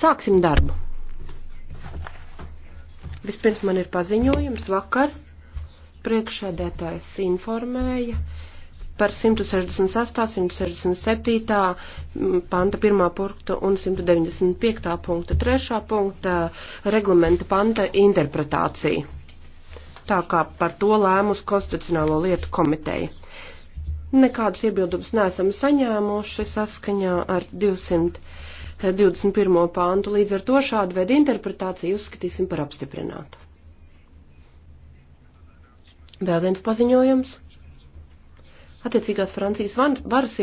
Sāksim darbu. Vispirms man ir paziņojums vakar. Priekšēdētājs informēja par 168, 167 panta 1. punktu un 195. punkta 3. punkta reglamenta panta interpretāciju. Tā kā par to lēmus Konstitucionālo lietu komiteja. Nekādus iebildumus neesam saņēmuši saskaņā ar 200. 21. pāntu. Līdz ar to šādu veidu interpretāciju uzskatīsim par apstiprinātu. Vēl viens paziņojums. Attiecīgās Francijas varas